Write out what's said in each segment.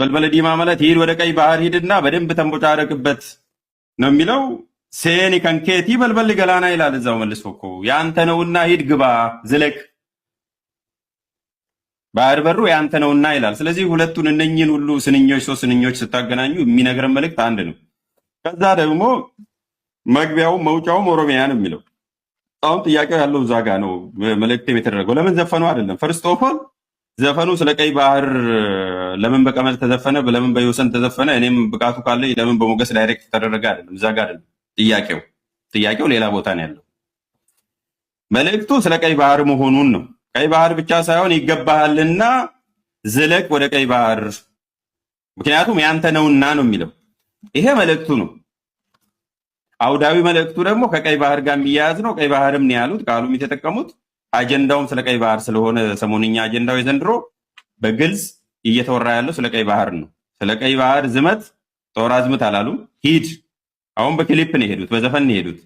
በልበለ ዲማ ማለት ሂድ ወደ ቀይ ባህር ሂድና በደንብ ተንቦጫረቅበት ነው የሚለው። ሴኒ ከንኬቲ በልበል ገላና ይላል እዛው መልሶ እኮ ያንተ ነውና ሂድ ግባ ዝለቅ ባህር በሩ ያንተ ነውና ይላል። ስለዚህ ሁለቱን እነኝን ሁሉ ስንኞች ሶስት ስንኞች ስታገናኙ የሚነግረን መልእክት አንድ ነው። ከዛ ደግሞ መግቢያውም መውጫውም ኦሮሚያ ነው የሚለው። አሁን ጥያቄው ያለው እዛ ጋ ነው መልእክት የተደረገው። ለምን ዘፈኑ አይደለም ፈርስት ኦፍ ኦል ዘፈኑ ስለ ቀይ ባህር ለምን በቀመል ተዘፈነ፣ ለምን በየወሰን ተዘፈነ፣ እኔም ብቃቱ ካለ ለምን በሞገስ ዳይሬክት ተደረገ አይደለም። እዛ ጋር አይደለም ጥያቄው። ጥያቄው ሌላ ቦታ ነው ያለው። መልእክቱ ስለ ቀይ ባህር መሆኑን ነው። ቀይ ባህር ብቻ ሳይሆን ይገባሃልና ዝለቅ ወደ ቀይ ባህር፣ ምክንያቱም ያንተ ነውና ነው የሚለው። ይሄ መልእክቱ ነው። አውዳዊ መልእክቱ ደግሞ ከቀይ ባህር ጋር የሚያያዝ ነው። ቀይ ባህርም ነው ያሉት፣ ቃሉም የተጠቀሙት አጀንዳውም ስለ ቀይ ባህር ስለሆነ ሰሞንኛ አጀንዳው የዘንድሮ በግልጽ እየተወራ ያለው ስለ ቀይ ባህር ነው። ስለ ቀይ ባህር ዝመት ጦር አዝምት አላሉም። ሂድ አሁን በክሊፕ ነው የሄዱት፣ በዘፈን ነው የሄዱት።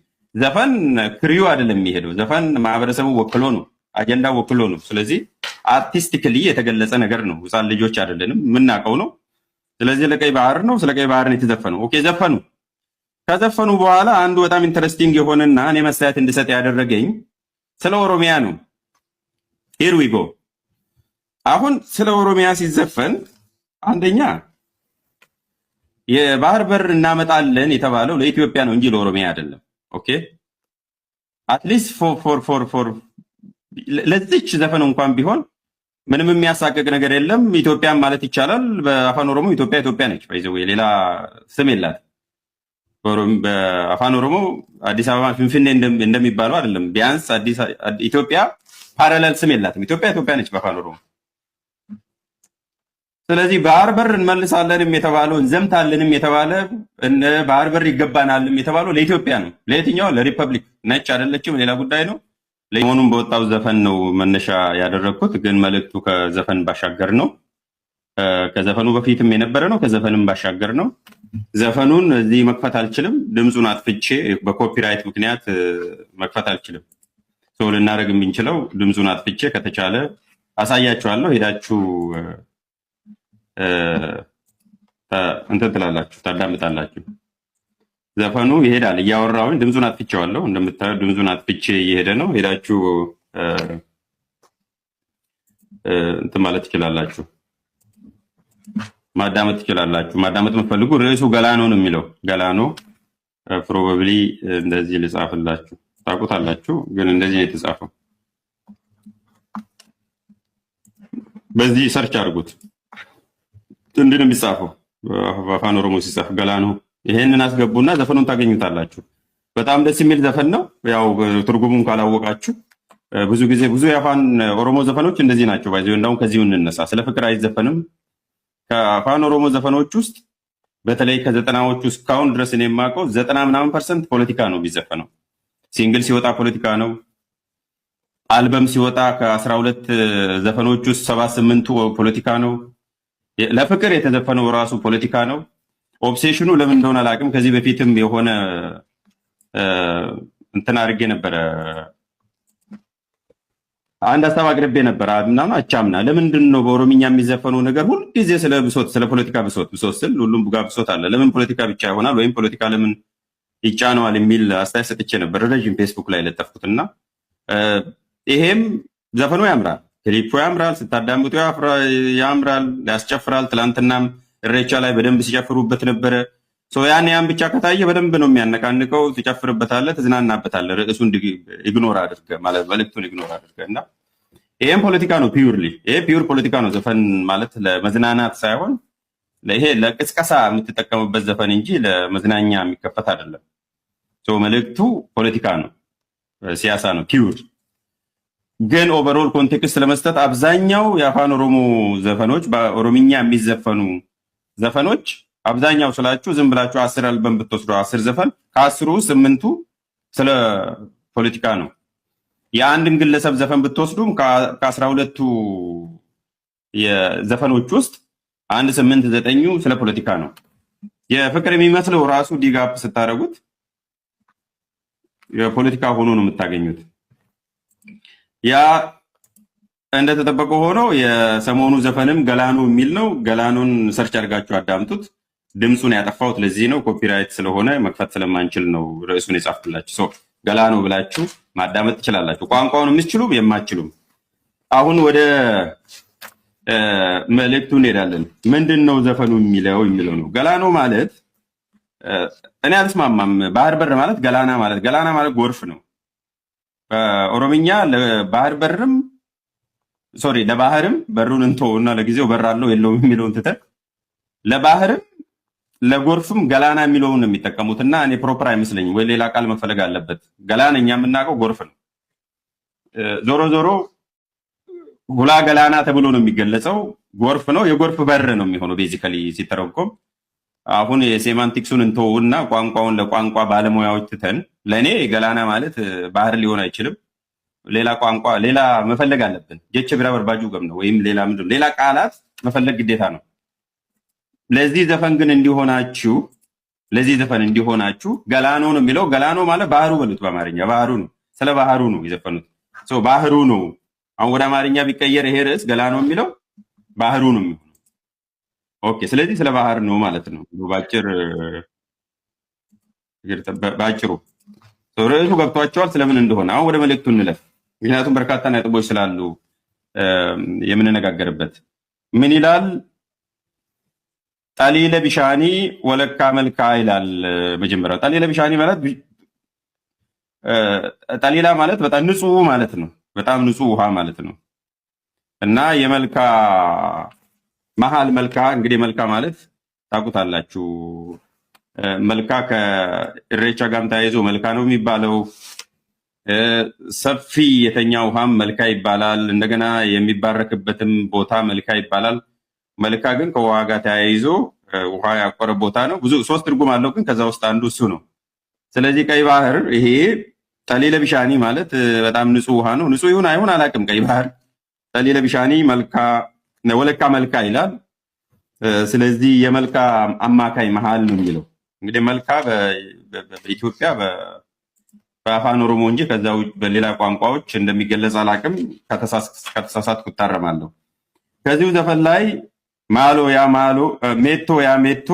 ዘፈን ክሪዩ አይደለም የሚሄደው ዘፈን ማህበረሰቡ ወክሎ ነው፣ አጀንዳ ወክሎ ነው። ስለዚህ አርቲስቲክሊ የተገለጸ ነገር ነው። ህፃን ልጆች አይደለንም፣ የምናውቀው ነው። ስለዚህ ለቀይ ባህር ነው፣ ስለ ቀይ ባህር ነው የተዘፈነው። ኦኬ ዘፈኑ። ከዘፈኑ በኋላ አንዱ በጣም ኢንተረስቲንግ የሆነና እኔ መሳያት እንድሰጥ ያደረገኝ ስለ ኦሮሚያ ነው። ሄርዊጎ አሁን ስለ ኦሮሚያ ሲዘፈን አንደኛ የባህር በር እናመጣለን የተባለው ለኢትዮጵያ ነው እንጂ ለኦሮሚያ አይደለም። ኦኬ አትሊስት ፎር ፎር ፎር ለዚች ዘፈን እንኳን ቢሆን ምንም የሚያሳቅቅ ነገር የለም። ኢትዮጵያን ማለት ይቻላል። በአፋን ኦሮሞ ኢትዮጵያ ኢትዮጵያ ነች። ይዘ ሌላ ስም የላት በአፋን ኦሮሞ አዲስ አበባ ፍንፍኔ እንደሚባለው አይደለም። ቢያንስ ኢትዮጵያ ፓራለል ስም የላትም። ኢትዮጵያ ኢትዮጵያ ነች በአፋን ኦሮሞ። ስለዚህ ባህር በር እንመልሳለንም የተባለው እንዘምታለንም የተባለ ባህር በር ይገባናልም የተባለው ለኢትዮጵያ ነው። ለየትኛው? ለሪፐብሊክ ነጭ አይደለችም፣ ሌላ ጉዳይ ነው። ለመሆኑም በወጣው ዘፈን ነው መነሻ ያደረግኩት፣ ግን መልእክቱ ከዘፈን ባሻገር ነው። ከዘፈኑ በፊትም የነበረ ነው፣ ከዘፈንም ባሻገር ነው። ዘፈኑን እዚህ መክፈት አልችልም፣ ድምፁን አጥፍቼ በኮፒራይት ምክንያት መክፈት አልችልም። ሰው ልናደርግ የምንችለው ድምፁን አጥፍቼ ከተቻለ አሳያችኋለሁ። ሄዳችሁ እንትን ትላላችሁ፣ ታዳምጣላችሁ። ዘፈኑ ይሄዳል፣ እያወራውኝ ድምፁን አጥፍቼዋለሁ። እንደምታዩ ድምፁን አጥፍቼ እየሄደ ነው። ሄዳችሁ እንትን ማለት ትችላላችሁ። ማዳመጥ ትችላላችሁ። ማዳመጥ የምትፈልጉ ርዕሱ ገላኖ ነው የሚለው ገላኖ ፕሮባብሊ እንደዚህ ልጻፍላችሁ። ታውቁታላችሁ፣ ግን እንደዚህ ነው የተጻፈው። በዚህ ሰርች አድርጉት። እንዲህ ነው የሚጻፈው፣ በአፋን ኦሮሞ ሲጻፍ ገላኖ። ይሄንን አስገቡና ዘፈኑን ታገኙታላችሁ። በጣም ደስ የሚል ዘፈን ነው። ያው ትርጉሙን ካላወቃችሁ ብዙ ጊዜ ብዙ የአፋን ኦሮሞ ዘፈኖች እንደዚህ ናቸው። ባይዚ እንዳሁን ከዚሁ እንነሳ። ስለ ፍቅር አይዘፈንም ከፋኖ ኦሮሞ ዘፈኖች ውስጥ በተለይ ከዘጠናዎቹ እስካሁን ድረስ እኔ የማውቀው ዘጠና ምናምን ፐርሰንት ፖለቲካ ነው የሚዘፈነው። ሲንግል ሲወጣ ፖለቲካ ነው። አልበም ሲወጣ ከአስራ ሁለት ዘፈኖች ውስጥ ሰባ ስምንቱ ፖለቲካ ነው። ለፍቅር የተዘፈነው ራሱ ፖለቲካ ነው። ኦብሴሽኑ ለምን እንደሆነ አላውቅም። ከዚህ በፊትም የሆነ እንትን አድርጌ ነበረ አንድ ሀሳብ አቅርቤ ነበር ምናምን አቻምና ለምንድን ነው በኦሮምኛ የሚዘፈነው ነገር ሁልጊዜ ስለ ብሶት ስለ ፖለቲካ ብሶት ብሶት ስል ሁሉም ጋር ብሶት አለ ለምን ፖለቲካ ብቻ ይሆናል ወይም ፖለቲካ ለምን ይጫነዋል የሚል አስተያየት ሰጥቼ ነበር ረዥም ፌስቡክ ላይ እና ይሄም ዘፈኑ ያምራል ክሊፑ ያምራል ስታዳምጡ ያምራል ያስጨፍራል ትላንትናም እሬቻ ላይ በደንብ ሲጨፍሩበት ነበረ ያን ያን ብቻ ከታየ በደንብ ነው የሚያነቃንቀው። ትጨፍርበታለህ፣ ትዝናናበታለህ። ርዕሱን ኢግኖር አድርገህ ማለት መልዕክቱን ኢግኖር አድርገህ እና ይሄም ፖለቲካ ነው ፒውርሊ። ይሄ ፒውር ፖለቲካ ነው። ዘፈን ማለት ለመዝናናት ሳይሆን ይሄ ለቅስቀሳ የምትጠቀምበት ዘፈን እንጂ ለመዝናኛ የሚከፈት አይደለም። መልዕክቱ ፖለቲካ ነው፣ ሲያሳ ነው ፒውር። ግን ኦቨርኦል ኮንቴክስት ለመስጠት አብዛኛው የአፋን ኦሮሞ ዘፈኖች በኦሮምኛ የሚዘፈኑ ዘፈኖች አብዛኛው ስላችሁ ዝም ብላችሁ አስር አልበም ብትወስዱ አስር ዘፈን ከአስሩ ስምንቱ ስለ ፖለቲካ ነው። የአንድን ግለሰብ ዘፈን ብትወስዱም ከአስራ ሁለቱ የዘፈኖች ውስጥ አንድ ስምንት ዘጠኙ ስለ ፖለቲካ ነው። የፍቅር የሚመስለው ራሱ ዲጋፕ ስታደርጉት የፖለቲካ ሆኖ ነው የምታገኙት። ያ እንደተጠበቀ ሆኖ የሰሞኑ ዘፈንም ገላኑ የሚል ነው። ገላኑን ሰርች አድርጋችሁ አዳምጡት። ድምፁን ያጠፋሁት ለዚህ ነው። ኮፒራይት ስለሆነ መክፈት ስለማንችል ነው ርዕሱን የጻፍኩላችሁ። ገላ ነው ብላችሁ ማዳመጥ ትችላላችሁ። ቋንቋውን የምትችሉም የማትችሉም። አሁን ወደ መልእክቱ እንሄዳለን። ምንድን ነው ዘፈኑ የሚለው የሚለው ነው። ገላ ነው ማለት እኔ አልስማማም። ባህር በር ማለት ገላና ማለት ገላና ማለት ጎርፍ ነው። ኦሮምኛ ለባህር በርም ሶሪ ለባህርም በሩን እንተው እና ለጊዜው በር አለው የለውም የሚለውን ትተን ለባህርም ለጎርፍም ገላና የሚለውን ነው የሚጠቀሙት እና እኔ ፕሮፐር አይመስለኝም፣ ወይ ሌላ ቃል መፈለግ አለበት። ገላና እኛ የምናውቀው ጎርፍ ነው። ዞሮ ዞሮ ጉላ ገላና ተብሎ ነው የሚገለጸው። ጎርፍ ነው፣ የጎርፍ በር ነው የሚሆነው ቤዚካሊ ሲተረጎም። አሁን የሴማንቲክሱን እንተውና ቋንቋውን ለቋንቋ ባለሙያዎች ትተን፣ ለእኔ ገላና ማለት ባህር ሊሆን አይችልም። ሌላ ቋንቋ ሌላ መፈለግ አለብን። ጀቼ ቢራ በርባጁ ገም ነው ወይም ሌላ ሌላ ቃላት መፈለግ ግዴታ ነው። ለዚህ ዘፈን ግን እንዲሆናችሁ ለዚህ ዘፈን እንዲሆናችሁ ገላኖ ነው የሚለው። ገላኖ ማለት ባህሩ በሉት በአማርኛ ባህሩ ነው። ስለ ባህሩ ነው የዘፈኑት። ባህሩ ነው አሁን ወደ አማርኛ ቢቀየር ይሄ ርዕስ ገላኖ የሚለው ባህሩ ነው የሚሆነው። ኦኬ፣ ስለዚህ ስለ ባህር ነው ማለት ነው ባጭር ባጭሩ ርዕሱ ገብቷቸዋል፣ ስለምን እንደሆነ። አሁን ወደ መልእክቱ እንለፍ፣ ምክንያቱም በርካታ ነጥቦች ስላሉ የምንነጋገርበት ምን ይላል? ጠሊለ ቢሻኒ ወለካ መልካ ይላል። መጀመሪያው ጠሊለ ቢሻኒ ማለት ጠሊላ ማለት በጣም ንጹህ ማለት ነው። በጣም ንጹህ ውሃ ማለት ነው። እና የመልካ መሀል መልካ እንግዲህ መልካ ማለት ታውቁታላችሁ። መልካ ከእሬቻ ጋርም ተያይዞ መልካ ነው የሚባለው። ሰፊ የተኛ ውሃም መልካ ይባላል። እንደገና የሚባረክበትም ቦታ መልካ ይባላል። መልካ ግን ከውሃ ጋር ተያይዞ ውሃ ያቆረ ቦታ ነው። ብዙ ሶስት ትርጉም አለው፣ ግን ከዛ ውስጥ አንዱ እሱ ነው። ስለዚህ ቀይ ባህር ይሄ ጠሊለ ቢሻኒ ማለት በጣም ንጹህ ውሃ ነው። ንጹህ ይሁን አይሁን አላውቅም። ቀይ ባህር ጠሊለ ቢሻኒ መልካ ወለካ መልካ ይላል። ስለዚህ የመልካ አማካይ መሀል ነው የሚለው እንግዲህ መልካ በኢትዮጵያ በአፋን ኦሮሞ እንጂ ከዛ በሌላ ቋንቋዎች እንደሚገለጽ አላውቅም። ከተሳሳትኩ እታረማለሁ። ከዚሁ ዘፈን ላይ ማሎ ያ ማሎ፣ ሜቶ ያ ሜቶ፣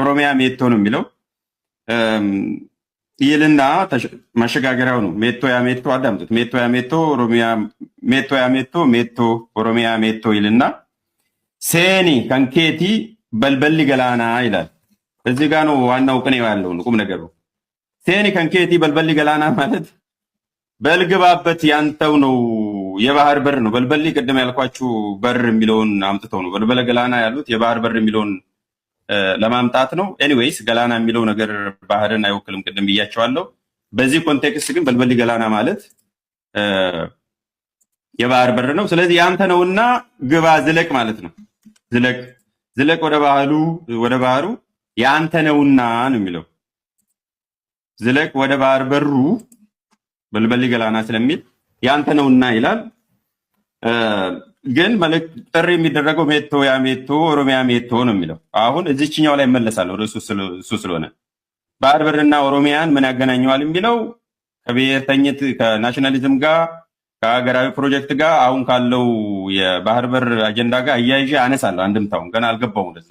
ኦሮሚያ ሜቶ ነው የሚለው ይልና መሸጋገሪያው ነው። ሜቶ ያ ሜቶ አዳምጡት። ሜቶ ያ ሜቶ፣ ኦሮሚያ ሜቶ ያ ሜቶ፣ ሜቶ ኦሮሚያ ሜቶ ይልና ሴኒ ከንኬቲ በልበሊ ገላና ይላል። እዚህ ጋ ነው ዋናው ቅኔ ያለው ቁም ነገሩ። ሴኒ ከንኬቲ በልበሊ ገላና ማለት በልግባበት ያንተው ነው የባህር በር ነው። በልበሌ ቅድም ያልኳችሁ በር የሚለውን አምጥተው ነው በልበለ ገላና ያሉት የባህር በር የሚለውን ለማምጣት ነው። ኤኒዌይስ ገላና የሚለው ነገር ባህርን አይወክልም ቅድም ብያቸዋለሁ። በዚህ ኮንቴክስት ግን በልበሌ ገላና ማለት የባህር በር ነው። ስለዚህ ያንተ ነውና ግባ ዝለቅ ማለት ነው። ዝለቅ ዝለቅ ወደ ባህሉ ወደ ባህሩ ያንተ ነውና ነው የሚለው። ዝለቅ ወደ ባህር በሩ በልበሌ ገላና ስለሚል ያንተ ነውና ይላል። ግን ጥሪ የሚደረገው ሜቶ ያ ሜቶ ኦሮሚያ ሜቶ ነው የሚለው። አሁን እዚችኛው ላይ መለሳለሁ እሱ ስለሆነ ባህር ብርና ኦሮሚያን ምን ያገናኘዋል የሚለው ከብሔርተኝት ከናሽናሊዝም ጋር ከሀገራዊ ፕሮጀክት ጋር አሁን ካለው የባህር በር አጀንዳ ጋር አያይዤ አነሳለሁ። አንድምታውን ገና አልገባውም ወደዛ።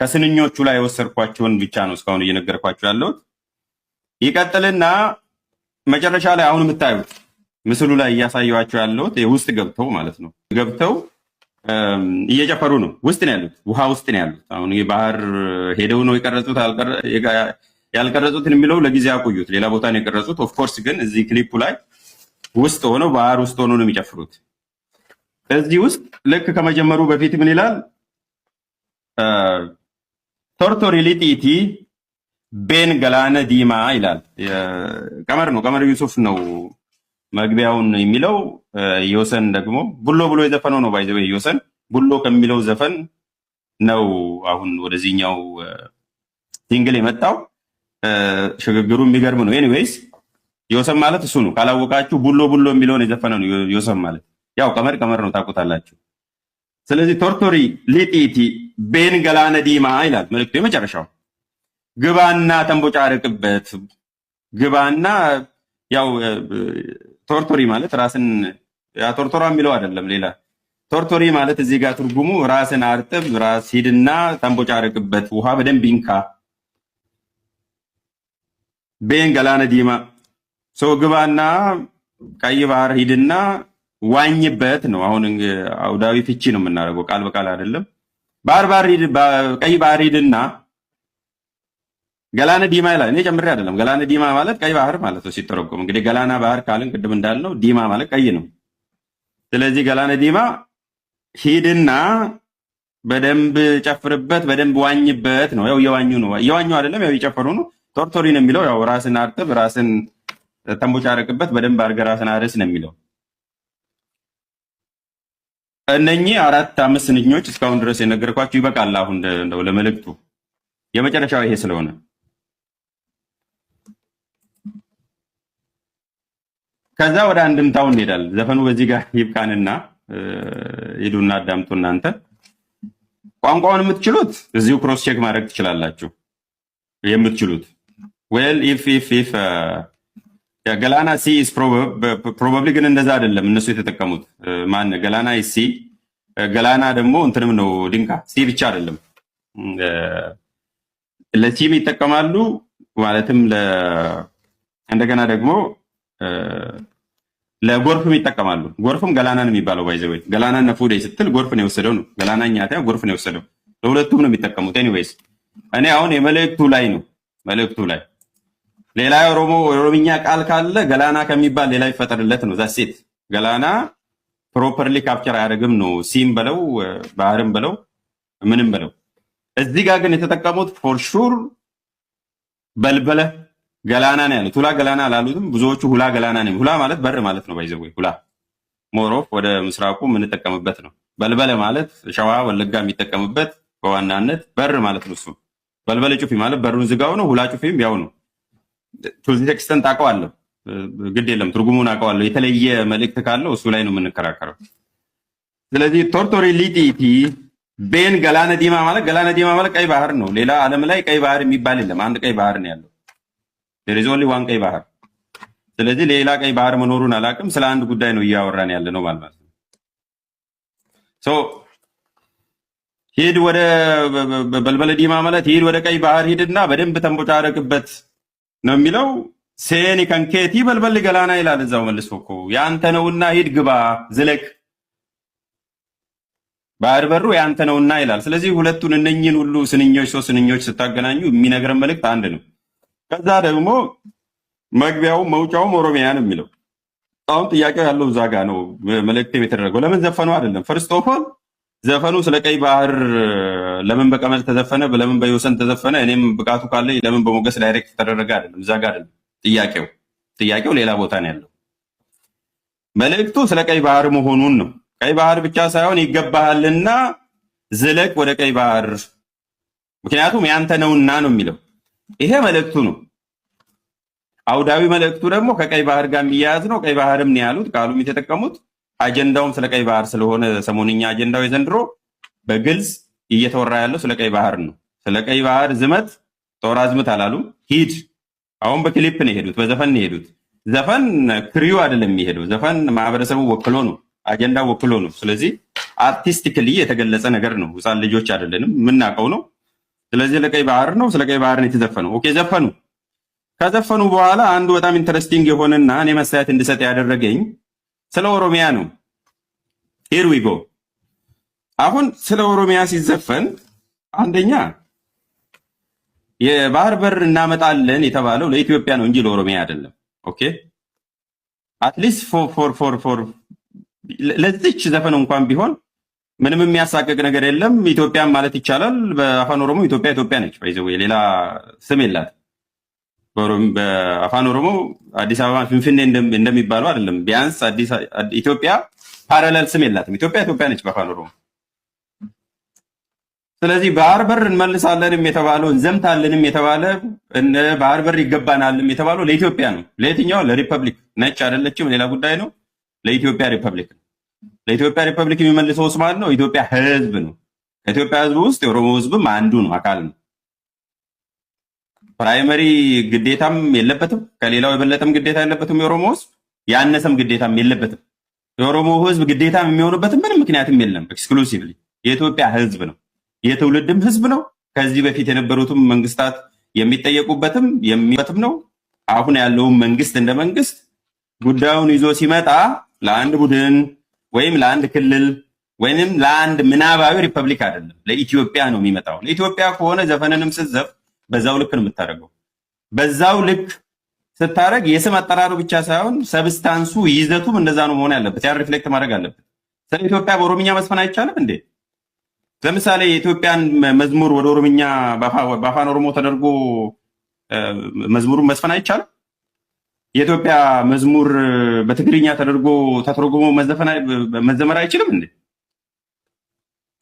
ከስንኞቹ ላይ የወሰድኳቸውን ብቻ ነው እስካሁን እየነገርኳቸው ያለሁት። ይቀጥልና መጨረሻ ላይ አሁን የምታዩት ምስሉ ላይ እያሳየኋቸው ያለሁት ውስጥ ገብተው ማለት ነው ገብተው እየጨፈሩ ነው። ውስጥ ነው ያሉት፣ ውሃ ውስጥ ነው ያሉት። አሁን ባህር ሄደው ነው የቀረጹት። ያልቀረጹትን የሚለው ለጊዜ አቆዩት ሌላ ቦታ ነው የቀረጹት። ኦፍኮርስ ግን እዚህ ክሊፑ ላይ ውስጥ ሆነው ባህር ውስጥ ሆነው ነው የሚጨፍሩት። እዚህ ውስጥ ልክ ከመጀመሩ በፊት ምን ይላል? ቶርቶሪሊ ጢቲ ቤን ገላነ ዲማ ይላል። ቀመር ነው፣ ቀመር ዩሱፍ ነው መግቢያውን የሚለው ዮሰን ደግሞ ቡሎ ብሎ የዘፈነው ነው። ባይዘ ዮሰን ቡሎ ከሚለው ዘፈን ነው አሁን ወደዚህኛው ሲንግል የመጣው ሽግግሩ የሚገርም ነው። ኤኒዌይስ ዮሰን ማለት እሱ ነው። ካላወቃችሁ ቡሎ ቡሎ የሚለውን የዘፈነ ነው ዮሰን ማለት ያው ቀመር ቀመር ነው ታውቁታላችሁ። ስለዚህ ቶርቶሪ ሊጢቲ ቤን ገላነ ዲማ ይላል መልእክቱ የመጨረሻው ግባና ተንቦጫርቅበት ግባና ያው ቶርቶሪ ማለት ራስን ያ ቶርቶራ የሚለው አይደለም ሌላ ቶርቶሪ ማለት እዚህ ጋር ትርጉሙ ራስን አርጥብ፣ ራስ ሂድና ተንቦጫረቅበት፣ ውሃ በደንብ ይንካ። ቤን ገላነ ዲማ ሰው ግባና ቀይ ባህር ሂድና ዋኝበት ነው። አሁን አውዳዊ ፍቺ ነው የምናደርገው፣ ቃል በቃል አይደለም። ባህር ባህር ቀይ ባህር ሂድና ገላነ ዲማ ይላል። እኔ ጨምሬ አይደለም። ገላነ ዲማ ማለት ቀይ ባህር ማለት ነው ሲተረጎም። እንግዲህ ገላና ባህር ካልን ቅድም እንዳልነው ዲማ ማለት ቀይ ነው። ስለዚህ ገላነ ዲማ ሂድና በደንብ ጨፍርበት፣ በደንብ ዋኝበት ነው። ያው እየዋኙ ነው፣ እየዋኙ አይደለም፣ ያው እየጨፈሩ ነው። ቶርቶሪ ነው የሚለው ያው ራስን አርጥብ፣ ራስን ተንቦጫረቅበት፣ በደንብ አድርገህ ራስን አርስ ነው የሚለው። እነኚህ አራት አምስት ንኞች እስካሁን ድረስ የነገርኳችሁ ይበቃል። አሁን እንደው ለመልእክቱ የመጨረሻው ይሄ ስለሆነ ከዛ ወደ አንድምታው እንሄዳለን። ዘፈኑ በዚህ ጋር ይብቃንና ሂዱና አዳምጡ። እናንተ ቋንቋውን የምትችሉት እዚሁ ክሮስ ቼክ ማድረግ ትችላላችሁ። የምትችሉት ዌል ኢፍ ኢፍ ኢፍ ገላና ሲ ኢስ ፕሮባብሊ ግን እንደዛ አይደለም እነሱ የተጠቀሙት ማን ገላና ሲ ገላና ደግሞ እንትንም ነው ድንካ ሲ ብቻ አይደለም ለሲም ይጠቀማሉ ማለትም እንደገና ደግሞ ለጎርፍም ይጠቀማሉ። ጎርፍም ገላና ነው የሚባለው። ባይዘወ ገላና ነፉ ስትል ነው የወሰደው ነው። ገላና እኛታ ጎርፍን የወሰደው ለሁለቱም ነው የሚጠቀሙት። ኤኒዌይስ እኔ አሁን የመልእክቱ ላይ ነው መልእክቱ ላይ ሌላ ኦሮሞ ኦሮምኛ ቃል ካለ ገላና ከሚባል ሌላ ይፈጠርለት ነው። ዛሴት ገላና ፕሮፐርሊ ካፕቸር አያደርግም ነው። ሲም በለው ባህርም በለው ምንም በለው እዚህ ጋር ግን የተጠቀሙት ፎርሹር በልበለህ በልበለ ገላና ነው ያሉት። ሁላ ገላና አላሉትም ብዙዎቹ። ሁላ ገላና ነው። ሁላ ማለት በር ማለት ነው። ባይዘው ሁላ ሞሮፍ ወደ ምስራቁ የምንጠቀምበት ነው። በልበለ ማለት ሸዋ ወለጋ የሚጠቀምበት በዋናነት በር ማለት ነው። እሱም በልበለ ጩፊ ማለት በሩን ዝጋው ነው። ሁላ ጩፊም ያው ነው። ቱዚ አውቀዋለሁ፣ ግድ የለም ትርጉሙን አውቀዋለሁ። የተለየ መልእክት ካለው እሱ ላይ ነው የምንከራከረው። ስለዚህ ቶርቶሪ ሊጢቲ ቤን ገላነ ዲማ ማለት ገላነ ዲማ ማለት ቀይ ባህር ነው። ሌላ ዓለም ላይ ቀይ ባህር የሚባል የለም። አንድ ቀይ ባህር ነው ያለው። ሌሪዞን ዋን ቀይ ባህር። ስለዚህ ሌላ ቀይ ባህር መኖሩን አላቅም ስለ አንድ ጉዳይ ነው እያወራን ያለ ነው ማለት ነው። ሂድ ወደ ዲማ ማለት ሂድ ወደ ቀይ ባህር ሂድና በደንብ ተንቦጫረቅበት ነው የሚለው። ሴኒ ከንኬቲ በልበል ገላና ይላል እዛው መልሶ እኮ ያንተ ነውና ሂድ ግባ ዝለቅ ባህር በሩ ያንተ ነውና ይላል። ስለዚህ ሁለቱን እነኝን ሁሉ ስንኞች ሶስት ስንኞች ስታገናኙ የሚነግረን መልእክት አንድ ነው። ከዛ ደግሞ መግቢያው መውጫውም ኦሮሚያ ነው የሚለው። አሁን ጥያቄው ያለው እዛ ጋ ነው። መልእክቴም የተደረገው ለምን ዘፈኑ አይደለም። ፈርስት ኦፍ ኦል ዘፈኑ ስለ ቀይ ባህር ለምን በቀመል ተዘፈነ፣ ለምን በየወሰን ተዘፈነ፣ እኔም ብቃቱ ካለ ለምን በሞገስ ዳይሬክት ተደረገ አይደለም። እዛ ጋ አይደለም ጥያቄው። ጥያቄው ሌላ ቦታ ነው ያለው። መልእክቱ ስለ ቀይ ባህር መሆኑን ነው። ቀይ ባህር ብቻ ሳይሆን ይገባሃልና ዝለቅ ወደ ቀይ ባህር፣ ምክንያቱም ያንተ ነውና ነው የሚለው ይሄ መልእክቱ ነው። አውዳዊ መልእክቱ ደግሞ ከቀይ ባህር ጋር የሚያያዝ ነው። ቀይ ባህርም ነው ያሉት ቃሉም የተጠቀሙት አጀንዳውም ስለ ቀይ ባህር ስለሆነ ሰሞንኛ አጀንዳው የዘንድሮ በግልጽ እየተወራ ያለው ስለ ቀይ ባህር ነው። ስለ ቀይ ባህር ዝመት ጦር አዝምት አላሉም። ሂድ አሁን በክሊፕ ነው የሄዱት፣ በዘፈን ነው የሄዱት። ዘፈን ክሪው አይደለም የሚሄደው ዘፈን ማህበረሰቡ ወክሎ ነው፣ አጀንዳ ወክሎ ነው። ስለዚህ አርቲስቲክሊ የተገለጸ ነገር ነው። ህፃን ልጆች አይደለንም፣ የምናውቀው ነው። ስለዚህ ለቀይ ባህር ነው፣ ስለ ቀይ ባህር ነው የተዘፈነው። ኦኬ ዘፈኑ። ከዘፈኑ በኋላ አንዱ በጣም ኢንትረስቲንግ የሆነና እኔ መሳያት እንድሰጥ ያደረገኝ ስለ ኦሮሚያ ነው። ሄር ዊ ጎ። አሁን ስለ ኦሮሚያ ሲዘፈን አንደኛ የባህር በር እናመጣለን የተባለው ለኢትዮጵያ ነው እንጂ ለኦሮሚያ አይደለም። ኦኬ አትሊስት ፎር ፎር ፎር ለዚች ዘፈን እንኳን ቢሆን ምንም የሚያሳቅቅ ነገር የለም። ኢትዮጵያን ማለት ይቻላል በአፋን ኦሮሞ ኢትዮጵያ ኢትዮጵያ ነች። ይዘ የሌላ ስም የላት። በአፋን ኦሮሞ አዲስ አበባ ፍንፍኔ እንደሚባለው አይደለም። ቢያንስ ኢትዮጵያ ፓራለል ስም የላትም። ኢትዮጵያ ኢትዮጵያ ነች በአፋን ኦሮሞ። ስለዚህ ባህር በር እንመልሳለንም የተባለው እንዘምታለንም የተባለ ባህር በር ይገባናልም የተባለው ለኢትዮጵያ ነው። ለየትኛው? ለሪፐብሊክ ነጭ አይደለችም፣ ሌላ ጉዳይ ነው። ለኢትዮጵያ ሪፐብሊክ ነው። ለኢትዮጵያ ሪፐብሊክ የሚመልሰው ስማል ነው ኢትዮጵያ ህዝብ ነው። ከኢትዮጵያ ህዝብ ውስጥ የኦሮሞ ህዝብም አንዱ ነው፣ አካል ነው። ፕራይመሪ ግዴታም የለበትም፣ ከሌላው የበለጠም ግዴታ የለበትም። የኦሮሞ ህዝብ ያነሰም ግዴታም የለበትም። የኦሮሞ ህዝብ ግዴታም የሚሆንበትም ምንም ምክንያትም የለም። ኤክስክሉሲቭሊ የኢትዮጵያ ህዝብ ነው፣ የትውልድም ህዝብ ነው። ከዚህ በፊት የነበሩትም መንግስታት የሚጠየቁበትም የሚበትም ነው። አሁን ያለውን መንግስት እንደ መንግስት ጉዳዩን ይዞ ሲመጣ ለአንድ ቡድን ወይም ለአንድ ክልል ወይም ለአንድ ምናባዊ ሪፐብሊክ አይደለም፣ ለኢትዮጵያ ነው የሚመጣው። ለኢትዮጵያ ከሆነ ዘፈንንም ስትዘፍ በዛው ልክ ነው የምታደርገው። በዛው ልክ ስታደርግ የስም አጠራሩ ብቻ ሳይሆን ሰብስታንሱ ይዘቱም እንደዛ ነው መሆን ያለበት። ያን ሪፍሌክት ማድረግ አለበት። ስለ ኢትዮጵያ በኦሮምኛ መስፈን አይቻልም እንዴ? ለምሳሌ የኢትዮጵያን መዝሙር ወደ ኦሮምኛ በአፋን ኦሮሞ ተደርጎ መዝሙሩን መስፈን አይቻልም? የኢትዮጵያ መዝሙር በትግርኛ ተደርጎ ተተርጉሞ መዘመር አይችልም እንዴ?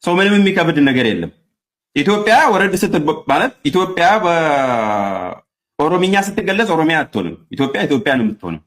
ሰው ምንም የሚከብድ ነገር የለም። ኢትዮጵያ ወረድ ስትል ማለት ኢትዮጵያ በኦሮምኛ ስትገለጽ ኦሮሚያ አትሆንም። ኢትዮጵያ ኢትዮጵያ ነው የምትሆነው።